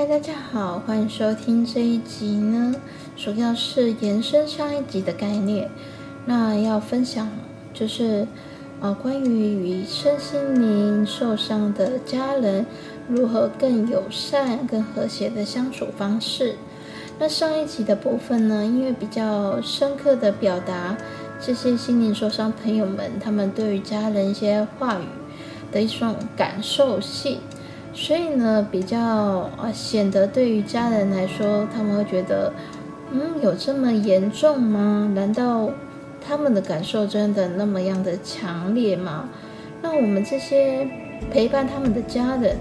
嗨，大家好，歡迎收聽這一集呢，主要是延伸上一集的概念。那要分享就是啊、哦，關於與身心靈受傷的家人如何更友善、更和諧的相處方式。那上一集的部分呢，因為比較深刻的表達這些心靈受傷朋友們他們對於家人一些話語的一種感受性。所以呢，比較啊，顯得對於家人來說，他們會覺得，嗯，有這麼嚴重嗎？難道他們的感受真的那麼樣的強烈嗎？那我們這些陪伴他們的家人，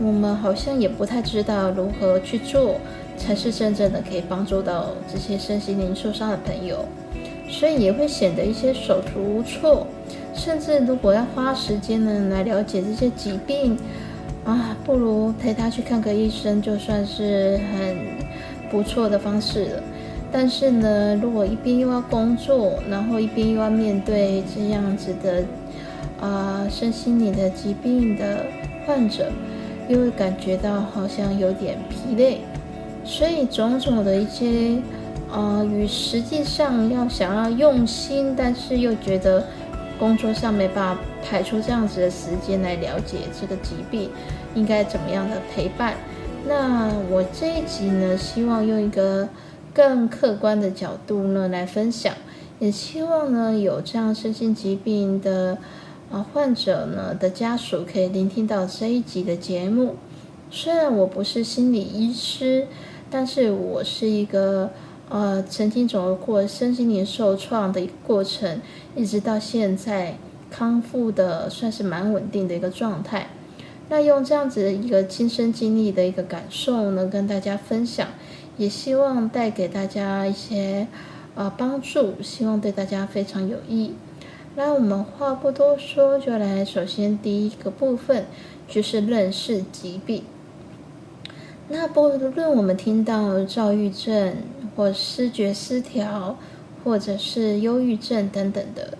我們好像也不太知道如何去做，才是真正的可以幫助到這些身心靈受傷的朋友，所以也會顯得一些手足無措，甚至如果要花時間呢，來了解這些疾病。啊，不如陪他去看個醫生，就算是很不錯的方式了。但是呢，如果一邊又要工作，然後一邊又要面對這樣子的啊、呃、身心里的疾病的患者，又會感覺到好像有點疲累，所以種種的一些啊、呃，與實際上要想要用心，但是又覺得。工作上沒辦法排出這樣子的時間來了解這個疾病應該怎麼樣的陪伴。那我這一集呢，希望用一個更客觀的角度呢來分享，也希望呢有這樣身心疾病的啊患者呢的家屬可以聆聽到這一集的節目。雖然我不是心理醫師，但是我是一個。呃，曾經走過身心靈受創的一個過程，一直到現在康復的算是蠻穩定的一個狀態。那用這樣子的一個親身經歷的一個感受呢，跟大家分享，也希望帶給大家一些呃幫助，希望對大家非常有益。那我們話不多說，就來首先第一個部分就是認識疾病。那不論我們聽到躁鬱症。或思覺失調，或者是憂鬱症等等的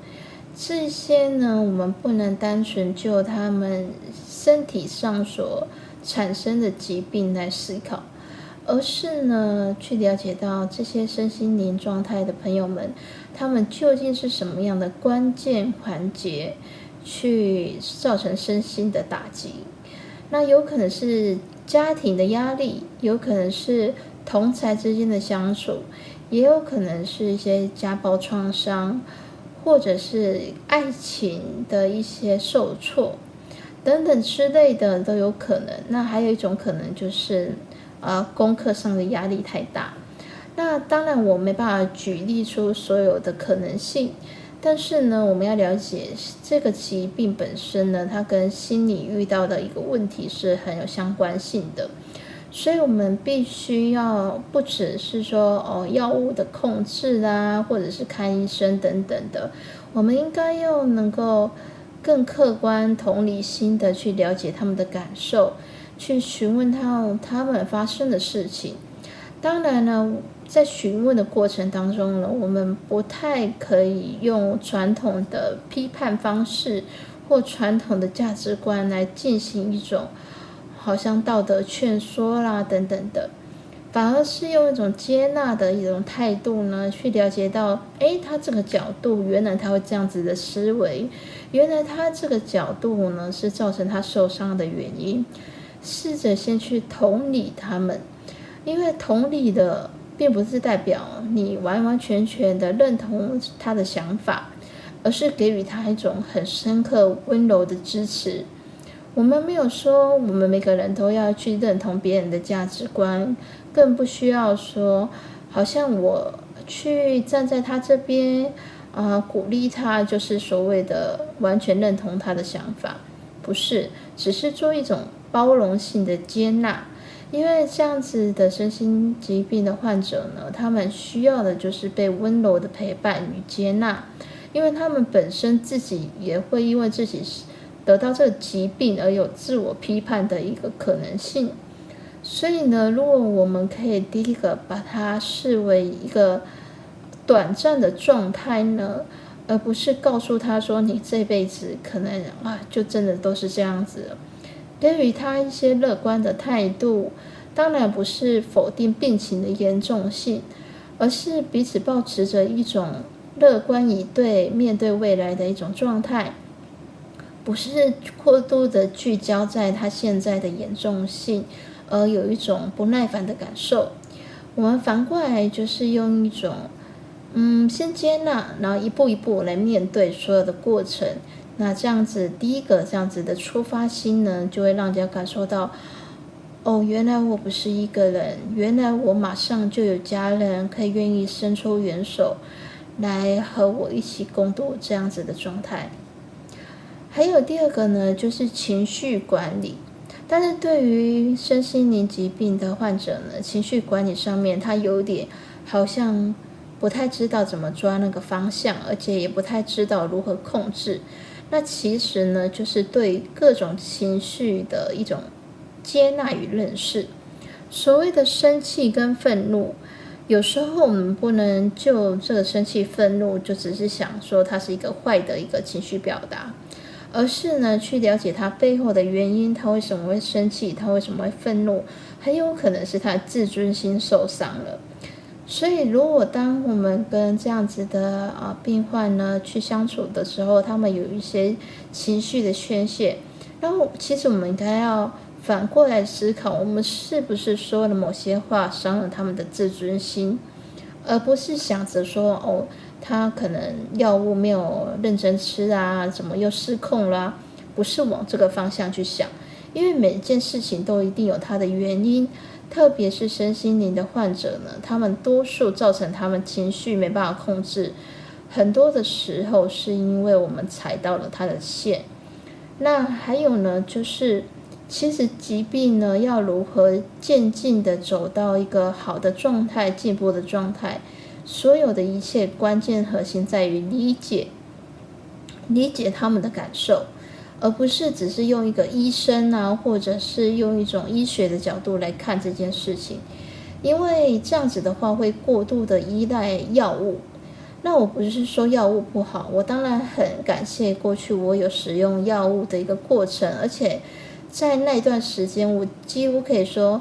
這些呢，我們不能單純就他們身體上所產生的疾病來思考，而是呢去了解到這些身心靈狀態的朋友們，他們究竟是什麼樣的關鍵環節去造成身心的打擊？那有可能是。家庭的壓力，有可能是同儕之間的相處，也有可能是一些家暴創傷，或者是愛情的一些受挫，等等之類的都有可能。那還有一種可能就是，呃，功課上的壓力太大。那當然我沒辦法舉例出所有的可能性。但是呢，我們要了解這個疾病本身呢，它跟心理遇到的一個問題是很有相關性的，所以我們必須要不只是說哦藥物的控制啦啊，或者是看醫生等等的，我們應該要能夠更客觀、同理心的去了解他們的感受，去詢問他他們發生的事情。當然呢。在詢問的過程當中呢，我們不太可以用傳統的批判方式或傳統的價值觀來進行一種好像道德勸說啦等等的，反而是用一種接納的一種態度呢，去了解到，誒，他這個角度原來他會這樣子的思維，原來他這個角度呢是造成他受傷的原因，試着先去同理他們，因為同理的。並不是代表你完完全全的認同他的想法，而是給予他一種很深刻、溫柔的支持。我們沒有說，我們每個人都要去認同別人的價值觀，更不需要說，好像我去站在他這邊啊、呃，鼓勵他，就是所謂的完全認同他的想法，不是，只是做一種包容性的接納。因為這樣子的身心疾病的患者呢，他們需要的就是被溫柔的陪伴與接納，因為他們本身自己也會因為自己得到這個疾病而有自我批判的一個可能性。所以呢，如果我們可以第一個把它視為一個短暫的狀態呢，而不是告訴他說，你這輩子可能啊，就真的都是這樣子。對於他一些樂觀的態度，當然不是否定病情的嚴重性，而是彼此抱持著一種樂觀以對面對未來的一種狀態，不是過度的聚焦在他現在的嚴重性，而有一種不耐煩的感受。我們反過來就是用一種，嗯，先接納，然後一步一步來面對所有的過程。那這樣子，第一個這樣子的出發心呢，就會讓人家感受到，哦，原來我不是一個人，原來我馬上就有家人可以願意伸出援手，來和我一起共度這樣子的狀態。還有第二個呢，就是情緒管理。但是對於身心靈疾病的患者呢，情緒管理上面他有點好像不太知道怎麼抓那個方向，而且也不太知道如何控制。那其實呢，就是對各種情緒的一種接納與認識。所謂的生氣跟憤怒，有時候我們不能就這個生氣、憤怒，就只是想說它是一個壞的一個情緒表達，而是呢，去了解它背後的原因，他為什麼會生氣，他為什麼會憤怒，很有可能是他的自尊心受傷了。所以，如果當我們跟這樣子的啊病患呢去相處的時候，他們有一些情緒的宣泄，然後其實我們應該要反過來思考，我們是不是說了某些話傷了他們的自尊心，而不是想着說哦，他可能藥物沒有認真吃啊，怎麼又失控啦啊？不是往這個方向去想，因為每件事情都一定有它的原因。特別是身心靈的患者呢，他們多數造成他們情緒沒辦法控制，很多的時候是因為我們踩到了他的線。那還有呢，就是其實疾病呢，要如何漸進的走到一個好的狀態，進步的狀態，所有的一切關鍵核心在於理解，理解他們的感受。而不是只是用一個醫生啊，或者是用一種醫學的角度來看這件事情，因為這樣子的話會過度的依賴藥物。那我不是說藥物不好，我當然很感謝過去我有使用藥物的一個過程，而且在那段時間我幾乎可以說，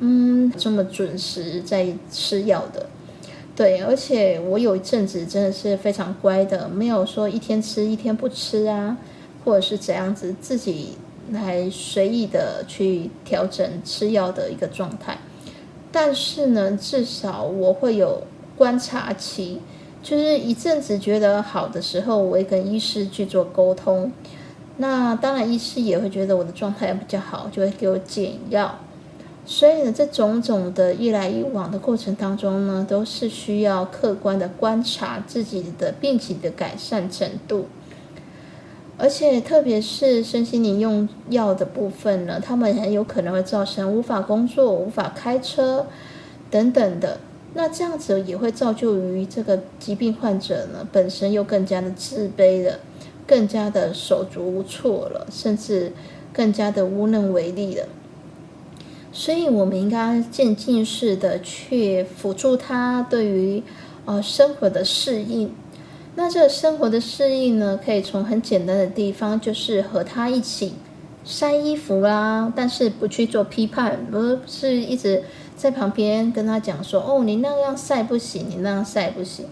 嗯，這麼準時在吃藥的，對，而且我有一陣子真的是非常乖的，沒有說一天吃，一天不吃啊。或者是怎樣子，自己來隨意的去調整吃藥的一個狀態，但是呢，至少我會有觀察期，就是一陣子覺得好的時候，我會跟醫師去做溝通。那當然，醫師也會覺得我的狀態比較好，就會給我減藥。所以呢，這種種的一來一往的過程當中呢，都是需要客觀的觀察自己的病情的改善程度。而且，特別是身心靈用藥的部分呢，他們很有可能會造成無法工作、無法開車等等的。那這樣子也會造就於這個疾病患者，呢，本身又更加的自卑了，更加的手足無措了，甚至更加的無能為力了。所以，我們應該漸進式的去輔助他對於呃生活的適應。那這個生活的適應呢，可以從很簡單的地方，就是和他一起曬衣服啦。但是不去做批判，不是一直在旁邊跟他講說：“哦，你那樣曬不行，你那樣曬不行。”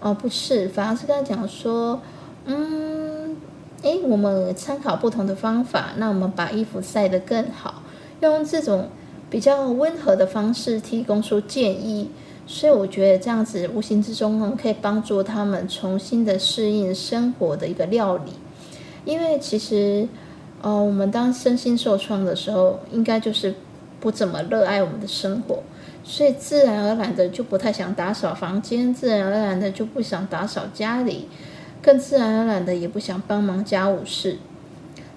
哦，不是，反而是跟他講說：“嗯，哎，我們參考不同的方法，那我們把衣服曬得更好，用這種比較溫和的方式提供出建議。”所以我覺得這樣子無形之中呢，可以幫助他們重新的適應生活的一個料理。因為其實，呃，我們當身心受創的時候，應該就是不怎麼熱愛我們的生活，所以自然而然的就不太想打掃房間，自然而然的就不想打掃家裡，更自然而然的也不想幫忙家務事。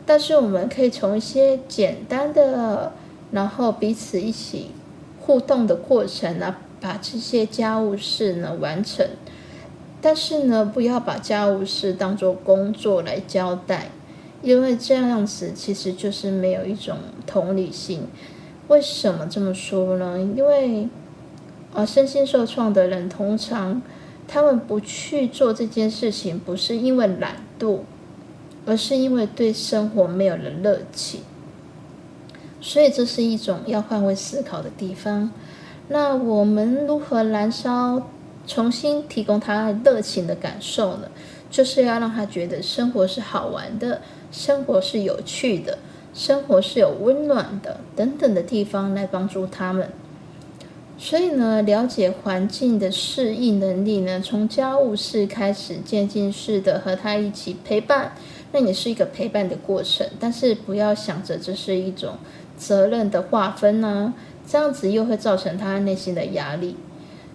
但是我們可以從一些簡單的，然後彼此一起互動的過程啊把這些家務事呢完成，但是呢，不要把家務事當做工作來交代，因為這樣子其實就是沒有一種同理心。為什麼這麼說呢？因為啊，身心受創的人通常他們不去做這件事情，不是因為懶惰，而是因為對生活沒有了熱情。所以，這是一種要換位思考的地方。那我們如何燃燒，重新提供他熱情的感受呢？就是要讓他覺得生活是好玩的，生活是有趣的，生活是有溫暖的等等的地方來幫助他們。所以呢，了解環境的適應能力呢，從家務事開始，漸進式的和他一起陪伴，那也是一個陪伴的過程。但是不要想着這是一種責任的劃分呢、啊。這樣子又會造成他內心的壓力，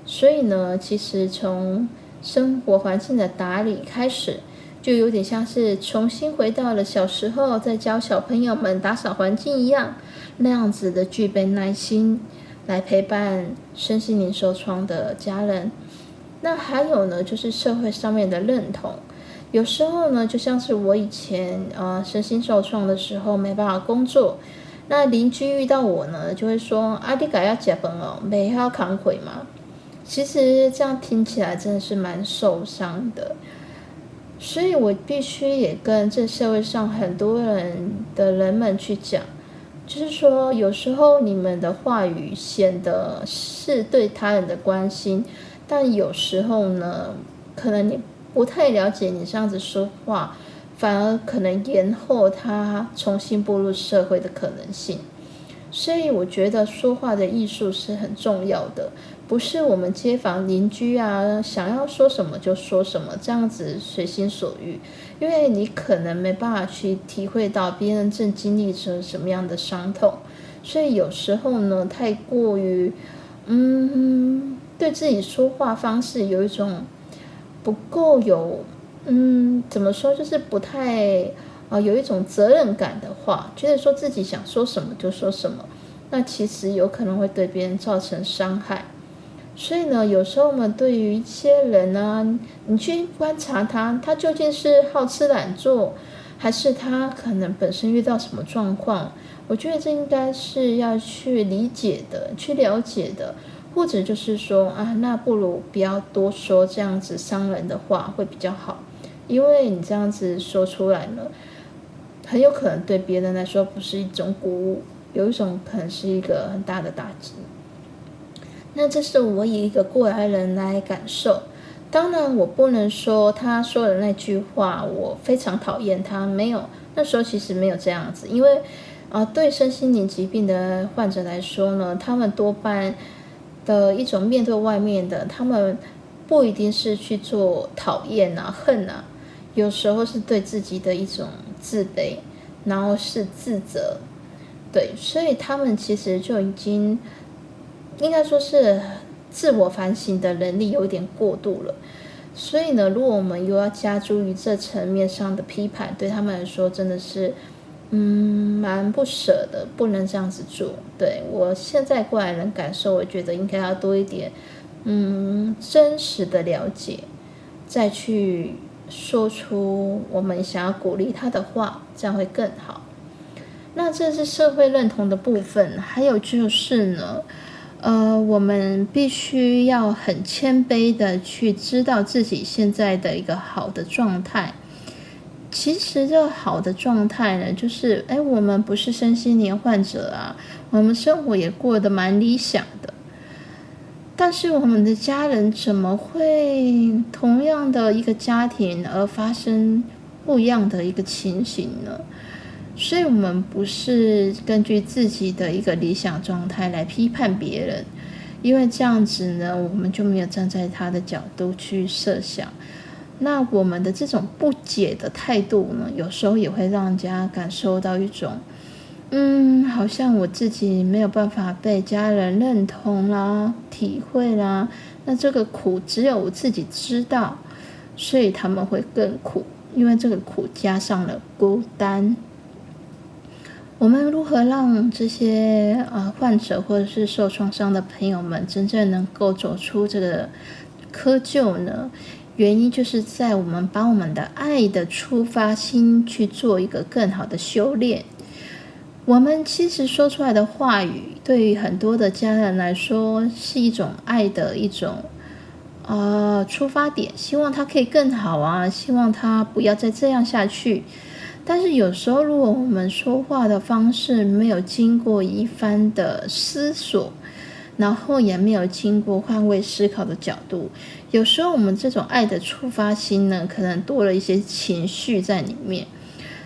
所以呢，其實從生活環境的打理開始，就有點像是重新回到了小時候，在教小朋友們打掃環境一樣，那樣子的具備耐心來陪伴身心靈受創的家人。那還有呢，就是社會上面的認同，有時候呢，就像是我以前，呃，身心受創的時候沒辦法工作。那鄰居遇到我呢，就會說：“阿迪嘎要結婚哦，沒還要扛回嗎？”其實這樣聽起來真的是蠻受傷的，所以我必須也跟這社會上很多人的人們去講，就是說有時候你們的話語顯得是對他人的關心，但有時候呢，可能你不太了解，你這樣子說話。反而可能延後他重新步入社會的可能性，所以我覺得說話的藝術是很重要的，不是我們街坊鄰居啊，想要說什麼就說什麼，這樣子隨心所欲，因為你可能沒辦法去體會到別人正經歷着什麼樣的傷痛，所以有時候呢，太過於嗯，對自己說話方式有一種不夠有。嗯，怎麼說就是不太啊、呃，有一種責任感的話，覺得說自己想說什麼就說什麼，那其實有可能會對別人造成傷害。所以呢，有時候我們對於一些人呢、啊，你去觀察他，他究竟是好吃懶做，還是他可能本身遇到什麼狀況？我覺得這應該是要去理解的，去了解的，或者就是說啊，那不如不要多說這樣子傷人的話，會比較好。因為你這樣子說出來呢，很有可能對別人來說不是一種鼓舞，有一種可能是一個很大的打擊。那這是我以一個過來人來感受。當然，我不能說他說的那句話，我非常討厭他。沒有，那時候其實沒有這樣子，因為啊、呃，對身心靈疾病的患者來說呢，他們多半的一種面對外面的，他們不一定是去做討厭啊、恨啊。有時候是對自己的一種自卑，然後是自責，對，所以他們其實就已經應該說是自我反省的能力有點過度了。所以呢，如果我們又要加諸於這層面上的批判，對他們來說真的是嗯蠻不捨的，不能這樣子做。對我現在過來人感受，我覺得應該要多一點嗯真實的了解，再去。說出我們想要鼓勵他的話，這樣會更好。那這是社會認同的部分，還有就是呢，呃，我們必須要很謙卑的去知道自己現在的一個好的狀態。其實，這個好的狀態呢，就是哎，我們不是身心靈患者啊，我們生活也過得蠻理想的。但是我們的家人怎麼會同樣的一個家庭而發生不一樣的一個情形呢？所以，我們不是根據自己的一個理想狀態來批判別人，因為這樣子呢，我們就沒有站在他的角度去設想。那我們的這種不解的態度呢，有時候也會讓人家感受到一種。嗯，好像我自己沒有辦法被家人認同啦、體會啦，那這個苦只有我自己知道，所以他們會更苦，因為這個苦加上了孤單。我們如何讓這些啊、呃、患者或者是受創傷的朋友們真正能夠走出這個窠臼呢？原因就是在我們把我們的愛的出發心去做一個更好的修煉。我們其實說出來的話語，對於很多的家人來說，是一種愛的一種啊、呃、出發點。希望他可以更好啊，希望他不要再這樣下去。但是有時候，如果我們說話的方式沒有經過一番的思索，然後也沒有經過換位思考的角度，有時候我們這種愛的觸發心呢，可能多了一些情緒在裡面。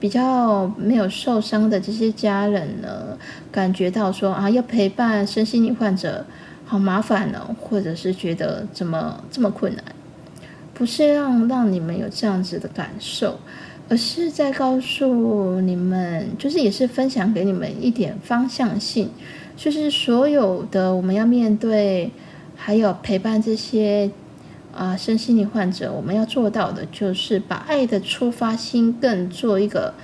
比較沒有受傷的這些家人呢，感覺到說啊，要陪伴身心靈患者好麻煩呢、哦，或者是覺得怎麼這麼困難？不是讓讓你們有這樣子的感受，而是在告訴你們，就是也是分享給你們一點方向性，就是所有的我們要面對，還有陪伴這些。啊，身心靈患者，我們要做到的就是把愛的出發心更做一個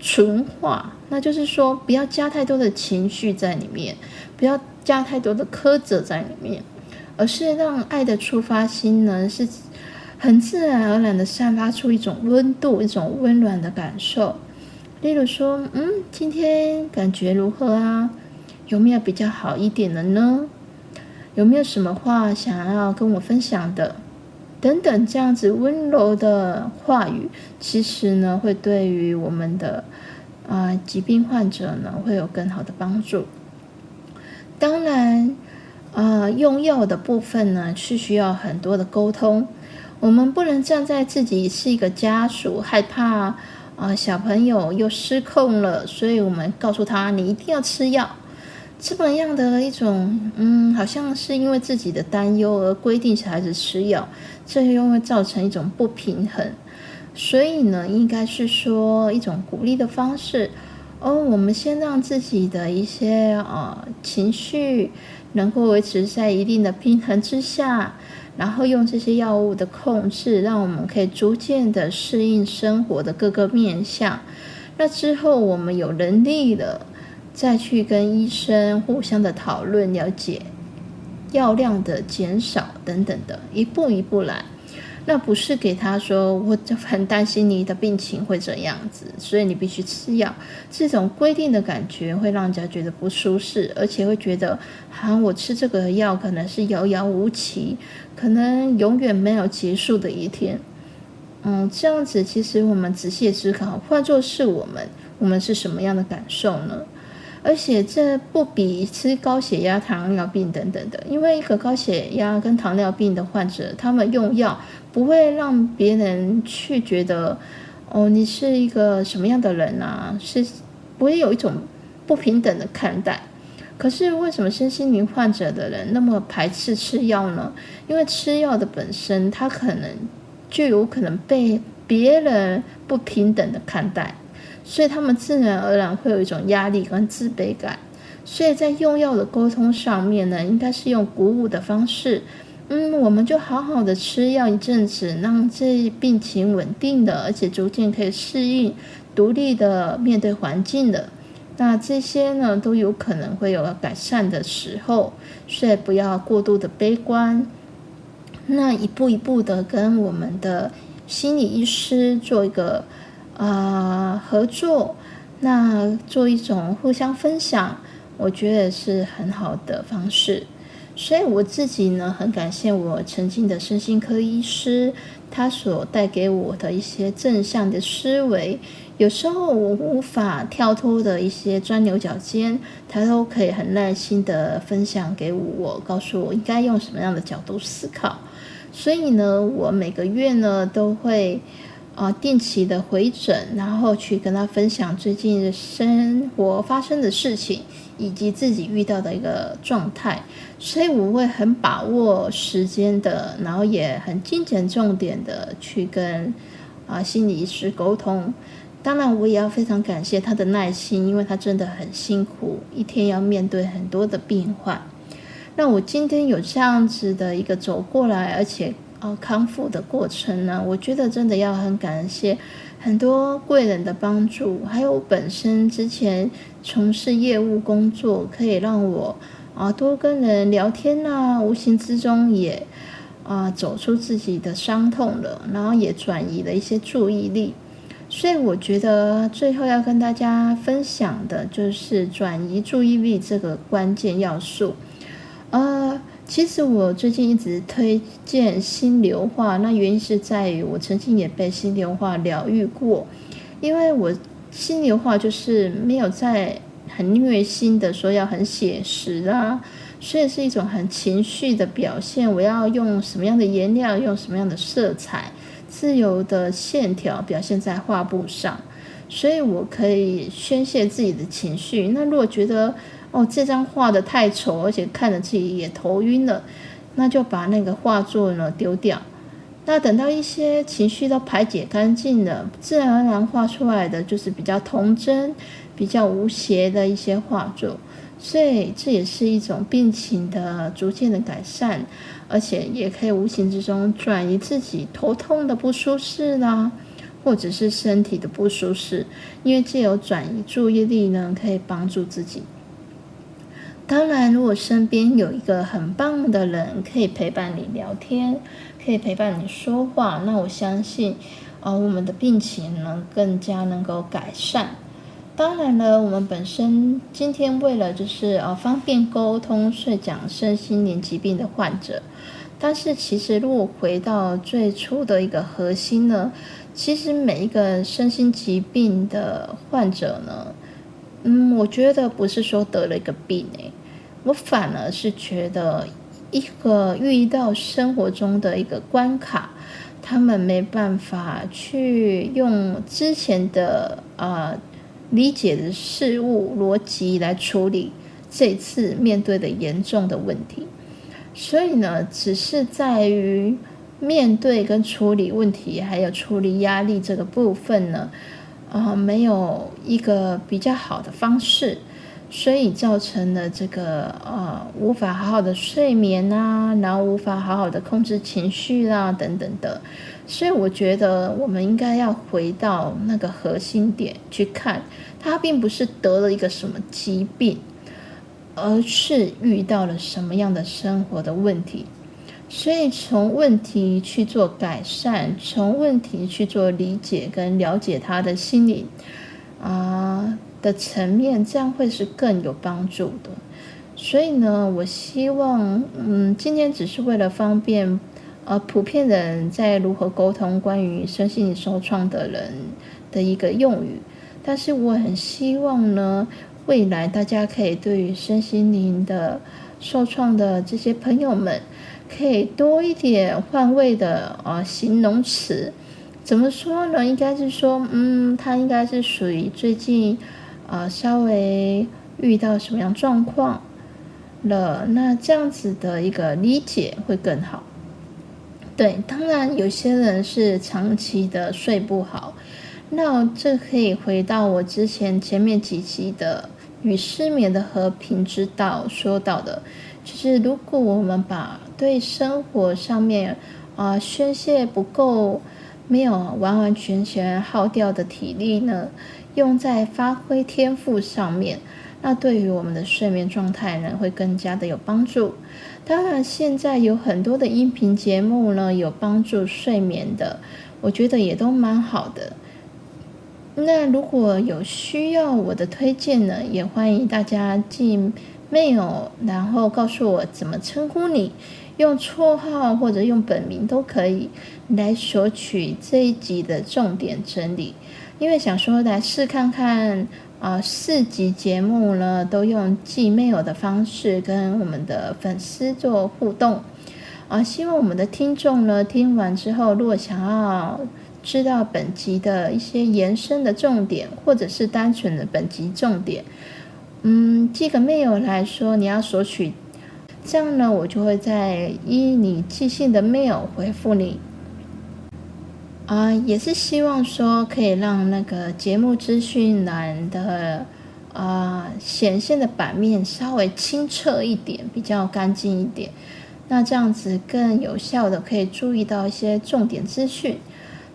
純化，那就是說，不要加太多的情緒在裡面，不要加太多的苛責在裡面，而是讓愛的出發心呢，是很自然而然的散發出一種溫度、一種溫暖的感受。例如說，嗯，今天感覺如何啊？有沒有比較好一點的呢？有沒有什麼話想要跟我分享的？等等，這樣子溫柔的話語，其實呢，會對於我們的啊、呃、疾病患者呢，會有更好的幫助。當然，呃，用藥的部分呢，是需要很多的溝通。我們不能站在自己是一個家屬，害怕啊、呃、小朋友又失控了，所以我們告訴他，你一定要吃藥。這麼樣的一種，嗯，好像是因為自己的擔憂而規定小孩子吃藥，這又會造成一種不平衡。所以呢，應該是說一種鼓勵的方式。哦，我們先讓自己的一些呃、哦、情緒能夠維持在一定的平衡之下，然後用這些藥物的控制，讓我們可以逐漸的適應生活的各個面向。那之後，我們有能力了。再去跟醫生互相的討論、了解藥量的減少等等的，一步一步來。那不是給他說，我就很擔心你的病情會怎樣子，所以你必須吃藥。這種規定的感覺會讓人家覺得不舒適，而且會覺得好像、啊、我吃這個藥可能是遙遙無期，可能永遠沒有結束的一天。嗯，這樣子其實我們仔細思考，換作是我們，我們是什麼樣的感受呢？而且這不比吃高血壓、糖尿病等等的，因為一個高血壓跟糖尿病的患者，他們用藥不會讓別人去覺得，哦，你是一個什麼樣的人啊？是不會有一種不平等的看待。可是為什麼身心靈患者的人那麼排斥吃藥呢？因為吃藥的本身，他可能就有可能被別人不平等的看待。所以他們自然而然會有一種壓力跟自卑感，所以在用藥的溝通上面呢，應該是用鼓舞的方式。嗯，我們就好好的吃藥一陣子，讓這病情穩定的，而且逐漸可以適應、獨立的面對環境的。那這些呢都有可能會有改善的時候，所以不要過度的悲觀。那一步一步的跟我們的心理醫師做一個。啊，uh，合作，那做一種互相分享，我覺得是很好的方式。所以我自己呢，很感謝我曾經的身心科醫師，他所帶給我的一些正向的思維。有時候我無法跳脫的一些鑽牛角尖，他都可以很耐心的分享給我，告訴我應該用什麼樣的角度思考。所以呢，我每個月呢都會。啊，定期的回診，然後去跟他分享最近的生活發生的事情，以及自己遇到的一個狀態，所以我會很把握時間的，然後也很精簡重點的去跟啊心理醫師溝通。當然，我也要非常感謝他的耐心，因為他真的很辛苦，一天要面對很多的病患。那我今天有這樣子的一個走過來，而且。呃、哦、康復的過程呢，我覺得真的要很感謝很多貴人的幫助，還有我本身之前從事業務工作，可以讓我啊多跟人聊天吶、啊，無形之中也啊走出自己的傷痛了，然後也轉移了一些注意力。所以我覺得最後要跟大家分享的就是轉移注意力這個關鍵要素，呃。其實我最近一直推薦心流畫，那原因是在於我曾經也被心流畫療癒過，因為我心流畫就是沒有在很虐心的說要很寫實啊，所以是一種很情緒的表現。我要用什麼樣的顏料，用什麼樣的色彩，自由的線條表現在畫布上，所以我可以宣洩自己的情緒。那如果覺得，哦，這張畫得太醜，而且看着自己也頭暈了，那就把那個畫作呢丟掉。那等到一些情緒都排解乾淨了，自然而然畫出來的就是比較童真、比較無邪的一些畫作。所以這也是一種病情的逐漸的改善，而且也可以無形之中轉移自己頭痛的不舒適啦、啊，或者是身體的不舒適，因為借由轉移注意力呢，可以幫助自己。當然，如果身邊有一個很棒的人，可以陪伴你聊天，可以陪伴你說話，那我相信，呃，我們的病情能更加能夠改善。當然了，我們本身今天為了就是呃方便溝通，是講身心靈疾病的患者。但是其實如果回到最初的一個核心呢，其實每一個身心疾病的患者呢，嗯，我覺得不是說得了一個病誒、欸。我反而是覺得，一個遇到生活中的一個關卡，他們沒辦法去用之前的啊、呃、理解的事物邏輯來處理這次面對的嚴重的問題，所以呢，只是在於面對跟處理問題，還有處理壓力這個部分呢，啊、呃，沒有一個比較好的方式。所以造成了這個呃無法好好的睡眠啊，然後無法好好的控制情緒啦、啊、等等的。所以我覺得我們應該要回到那個核心點去看，他並不是得了一個什麼疾病，而是遇到了什麼樣的生活的問題。所以從問題去做改善，從問題去做理解跟了解他的心理啊。呃的層面，這樣會是更有幫助的。所以呢，我希望，嗯，今天只是為了方便，呃，普遍人在如何溝通關於身心靈受創的人的一個用語。但是我很希望呢，未來大家可以對於身心靈的受創的這些朋友們，可以多一點換位的啊形容詞。怎麼說呢？應該是說，嗯，它應該是屬於最近。啊、呃，稍微遇到什麼樣狀況了？那這樣子的一個理解會更好。對，當然有些人是長期的睡不好，那這可以回到我之前前面幾期的《與失眠的和平之道》說到的，就是如果我們把對生活上面啊、呃、宣洩不夠、沒有完完全全耗掉的體力呢，用在發揮天賦上面，那對於我們的睡眠狀態呢，會更加的有幫助。當然，現在有很多的音頻節目呢，有幫助睡眠的，我覺得也都蠻好的。那如果有需要我的推薦呢，也歡迎大家寄 mail，然後告訴我怎麼稱呼你，用綽號或者用本名都可以來索取這一集的重點整理。因為想說來試看看，啊、呃，四集節目呢都用寄 mail 的方式跟我們的粉絲做互動，啊、呃，希望我們的聽眾呢聽完之後，如果想要知道本集的一些延伸的重點，或者是單純的本集重點，嗯，寄個 mail 來說，你要索取，這樣呢，我就會在依你寄信的 mail 回復你。啊、呃，也是希望說可以讓那個節目資訊欄的啊、呃、顯現的版面稍微清澈一點，比較乾淨一點。那這樣子更有效地可以注意到一些重點資訊。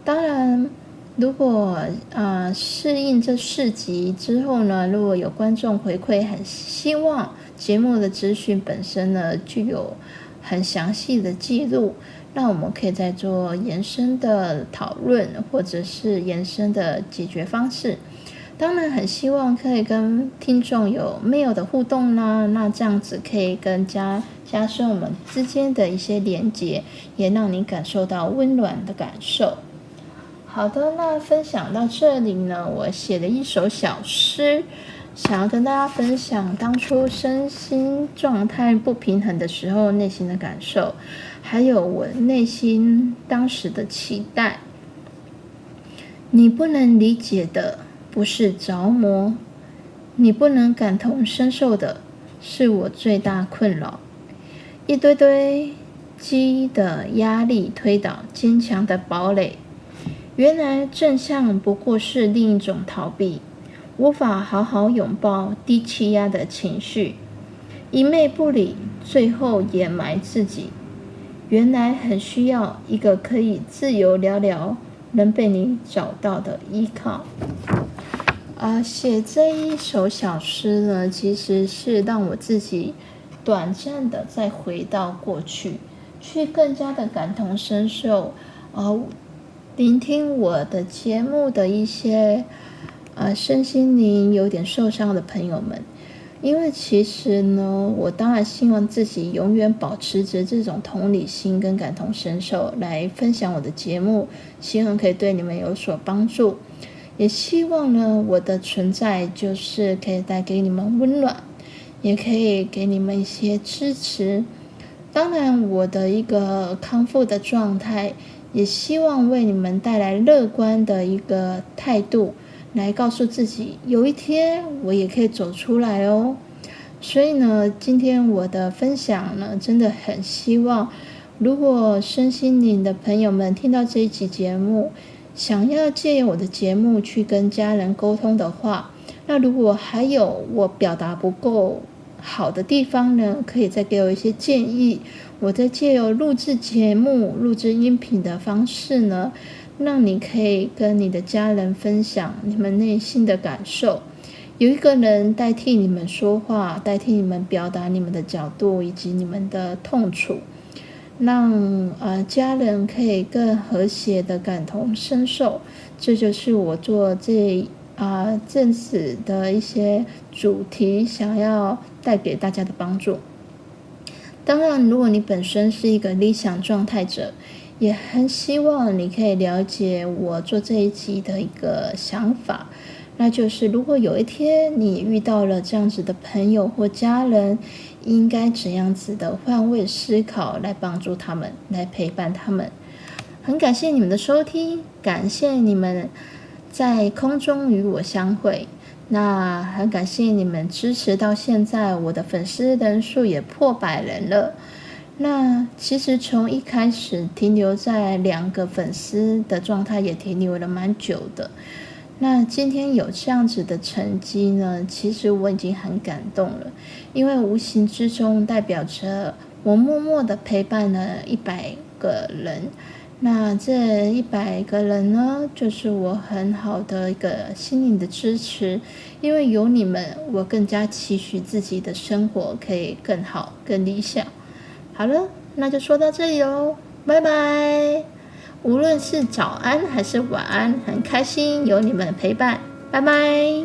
當然，如果啊、呃、適應這四集之後呢，如果有觀眾回饋，很希望節目的資訊本身呢具有很詳細的記錄。那我們可以再做延伸的討論，或者是延伸的解決方式。當然，很希望可以跟聽眾有 mail 的互動呢。那這樣子可以更加加深我們之間的一些連接，也讓你感受到溫暖的感受。好的，那分享到這裡呢，我寫了一首小詩，想要跟大家分享當初身心狀態不平衡的時候內心的感受。還有我內心當時的期待。你不能理解的不是着魔，你不能感同身受的是我最大困擾。一堆堆積的壓力推倒堅強的堡壘，原來正向不過是另一種逃避，無法好好擁抱低氣壓的情緒，一昧不理，最後掩埋自己。原來很需要一個可以自由聊聊，能被你找到的依靠。啊、呃，寫這一首小詩呢，其實是讓我自己短暫的再回到過去，去更加的感同身受，而、呃、聆聽我的節目的一些啊、呃、身心靈有點受傷的朋友們。因為其實呢，我當然希望自己永遠保持着這種同理心跟感同身受來分享我的節目，希望可以對你們有所幫助。也希望呢，我的存在就是可以帶給你們溫暖，也可以給你們一些支持。當然，我的一個康復的狀態，也希望為你們帶來樂觀的一個態度。來告訴自己，有一天我也可以走出來哦。所以呢，今天我的分享呢，真的很希望，如果身心靈的朋友們聽到這一集節目，想要借由我的節目去跟家人溝通的話，那如果還有我表達不夠好的地方呢，可以再給我一些建議。我再借由錄制節目、錄制音頻的方式呢。讓你可以跟你的家人分享你們內心的感受，有一個人代替你們說話，代替你們表達你們的角度以及你們的痛楚，讓啊、呃、家人可以更和諧的感同身受。這就是我做這啊、呃、正史的一些主題，想要帶給大家的幫助。當然，如果你本身是一個理想狀態者。也很希望你可以了解我做這一集的一個想法，那就是如果有一天你遇到了這樣子的朋友或家人，應該怎樣子的換位思考來幫助他們，來陪伴他們。很感謝你們的收聽，感謝你們在空中與我相會。那很感謝你們支持到現在，我的粉絲人數也破百人了。那其實從一開始停留在兩個粉絲的狀態，也停留了蠻久的。那今天有這樣子的成績呢，其實我已經很感動了，因為無形之中代表着我默默的陪伴了一百個人。那這一百個人呢，就是我很好的一個心靈的支持，因為有你們，我更加期許自己的生活可以更好、更理想。好了，那就說到這裡哦，拜拜。無論是早安還是晚安，很開心有你們的陪伴，拜拜。